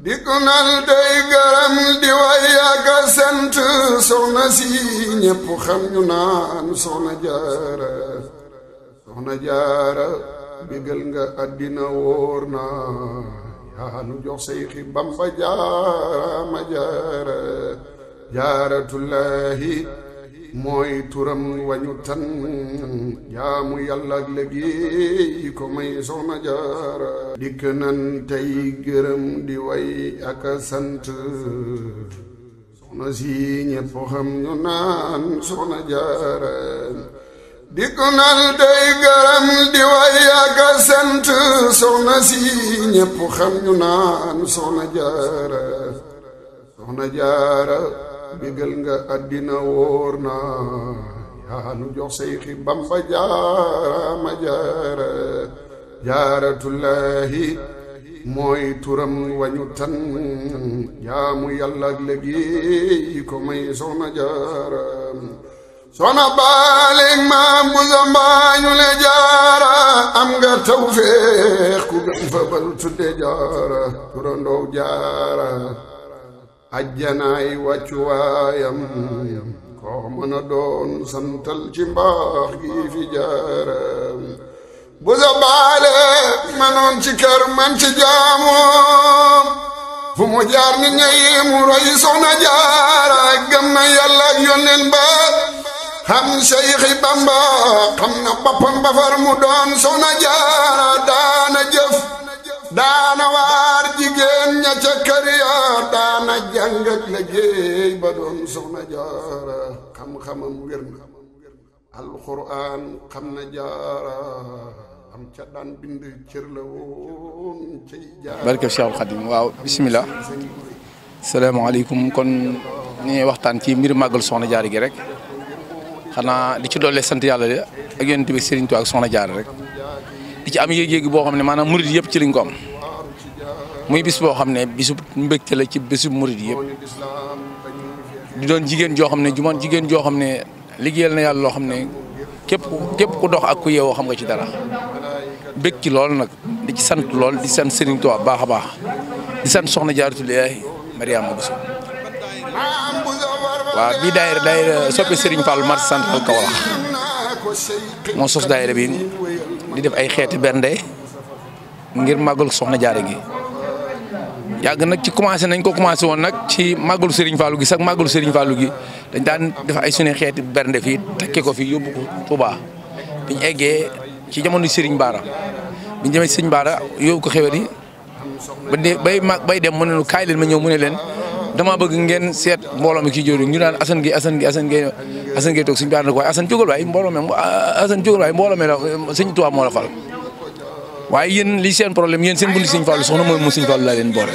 di gunal day garam di way ak sant si ñépp xam ñu naan soxna jaara soxna jaara bégal nga àddina wóor na yaa nu jox say xi bamba jaara ma jaara jaaratullahi mooy turam wañu tan jaamu yàlla ak liggéey ko may soxna jaara dikk nan tey gërëm di way ak sant soxna si ñépp xam ñu naan soxna jaara dikk nan tey gërëm di way ak sant soxna si ñépp xam ñu naan soxna jaara soxna jaara bégal nga àddina wóor na yaa nu jox Seyxi Bamba jaarama jaara jaaratullaahi mooy turam wañu tan jaamu yàlla ak léegi ko may soxna jaaram soxna baaleeg maam bu zambaañu le jaara am nga tawfeex ku gën fa bal tudde jaara turandoo jaara ajjanaay wàccuwaayam koo mën a doon santal ci mbaax gi fi bu sa baale manoon ci kër man ci jaamoom fu mu jaar ni ñayi mu roy jaara gëm na yàlla ak yónneen ba xam Seyxi Bamba xam na boppam far mu doon soxna jaara daana jëf daana waar jigéen ña ca kër ya daana jàng ak soxna jaara xam-xamam wér na alxuraan xam na jaara am ca daan bind la woon cay jaara barke Cheikhul Khadim waaw bisimilah salaamaaleykum kon ñu waxtaan ci mbir màggal soxna jaar gi rek xanaa li ci doole sant yàlla de ak yonent bi Sëriñ Tuubaa ak soxna jaar rek ci am yéeg-yéeg boo xam ne maanaam murid yëpp ci liñ ko muy bis boo xam ne bisu mbégte la ci bisu murid yëpp di doon jigéen joo xam ne juman jigéen joo xam ne liggéeyal na yàlla loo xam ne képp képp ku dox ak ku yeewoo xam nga ci dara bég ci lool nag di ci sant lool di sant Serigne a baax a baax di sant Soxna Jaaratu Laahi Mariama Bousso waaw bii daayira daayira soppe Serigne Fall sant central Kaolack moo sos daayira bi di def ay xeeti bernde ngir màggalu soxna jaare gi yàgg nag ci commencé nañ ko commencé woon nag ci màggalu sëriñ Fallou gi sax màggalu Serigne Fallou gi dañ daan def ay suñu xeeti bernde fii takki ko fi yóbbu ko Touba biñ eggee ci jamono sëriñ Bara biñ demee Serigne Bara yóbbu ko xewet yi bay bay dem mu ne kaay leen ma ñëw mu ne leen dama bëgg ngeen seet mbooloo mi kii jooju ñu naan Assane Gueye Assane Gueye Assane Gueye Assane Gueye toog suñu baar na ko waaye Assane jógal waaye mbooloo mi Assane jógal waaye mbooloo fal waaye yéen li seen problème yéen seen bundi sëñ Fallu soxna mooy mu sëñ Fallu laa leen boole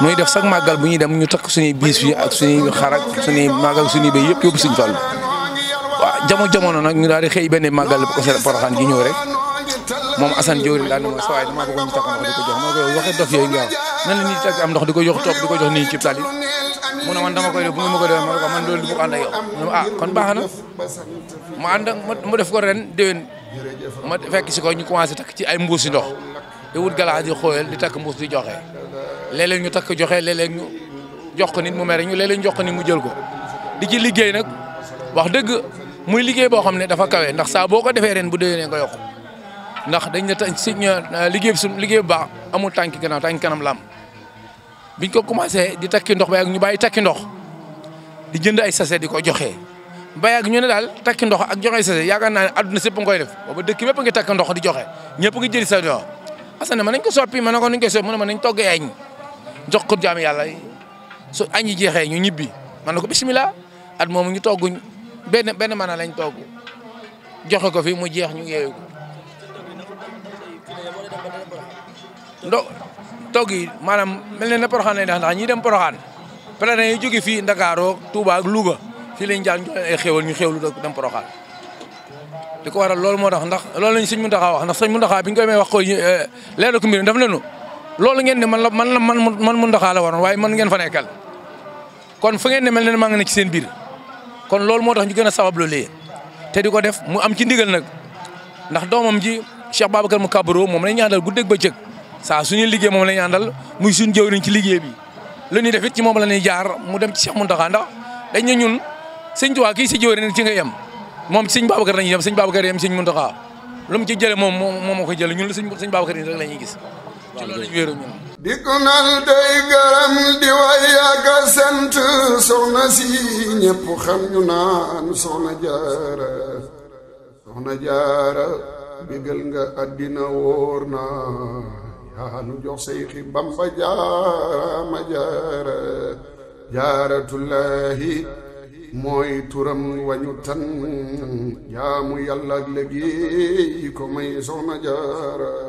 muy def sax màggal bu ñuy dem ñu takk suñuy biis yi ak suñuy xar ak suñuy màggal suñuy béy yëpp yóbbu sëñ Fallu waaw jamo jamono nag ñu daal di xëy benn màggal bu ko Poroxaan gi ñëw rek moom Assane Diourin daal ne ma sa waay damaa bëggoon ñu takk ndox ma koy ndox di ko jox toog di ko jox nii ci tali mu ne man dama koy def bu nga ma ko defee ma ne ko man loolu du ma ànd ma ah, kon baax na ma ànd ak ma def ko ren déwén ma fekk si ko ñu commencé takk ci ay mbuusi ndox di wut galaas yi xóoyal di takk mbuus di joxe léeg-léeg ñu takk joxe léeg-léeg ñu jox ko nit mu mere ñu léeg ñu jox ko nit mu jël ko di ci liggéey nag wax dëgg muy liggéey boo xam ne dafa kawe ndax saa boo ko defee ren bu déwénee nga yokk ndax dañ ne tànn si euh, liggéey bi liggéey bu baax amul tànki gannaaw tànki kanam la am biñ ko commencé di takki ndox ba ak ñu bàyyi takki ndox di jënd ay sachet di ko joxe ba ak ñu ne daal takki ndox ak joxe sachet yaakaar naa ne adduna sépp nga koy def booba dëkk bépp nga takk ndox di joxe ñëpp nga jëli sa ndox. Assane mën nañ ko soppi mën na ko nuñ koy soppi mën nañ toggee añ jox ko jam yàlla su añ yi jeexee ñu ñibbi mën na ko bisimilah at moomu ñu togguñ benn benn mën na lañ togg joxe ko fi mu jeex ñu yeewu ndo togg yi maanaam mel ne na Poroxaan lay def ndax ñi dem Poroxaan pèlerins yi jóge fii Ndakaaroo Touba ak Louga fii lañ jaar ñu ay xéewal ñu xéewlu dem Poroxaan di ko waral loolu moo tax ndax loolu lañ sëñ Muntaxa wax ndax sëñ Muntaxa bi ñu koy may wax ko eh, leeral ko mbir daf nañu loolu ngeen ne man la man la man man Muntaxa la waroon waaye man ngeen fa nekkal kon fu ngeen ne mel ne maa ngi ne ci seen biir kon loolu moo tax ñu gën a sabablu te di ko def mu am ci ndigal nag ndax doomam ji Cheikh Babacar mu kabaro moom la ñaanal guddeeg bëccëg saa suñu liggéey moom la ñu àndal muy suñu jëwriñ ci liggéey bi lu ñuy def it ci moom la ñuy jaar mu dem ci Cheikh Mountakha ndax dañ ne ñun sëñ Tuubaa kii si jëwriñ ci nga yem moom sëñ Babacar lañuy yem sëñ Babacar yem sëñ Mountakha lu mu ci jële moom moom moo koy jële ñun la sëñ Babacar yi rek la ñuy gis ci loolu lañ wéeru ñun di ko nal day garam di way yàgga sant soxna si ñëpp xam ñu naan soxna jaara soxna jaara bigal nga àddina wóor na haa nu jox Seyxi Bamba jaarama jaara jaaratullahi mooy turam wañu tan jaamu yàlla ak léegi ko may soxna jaara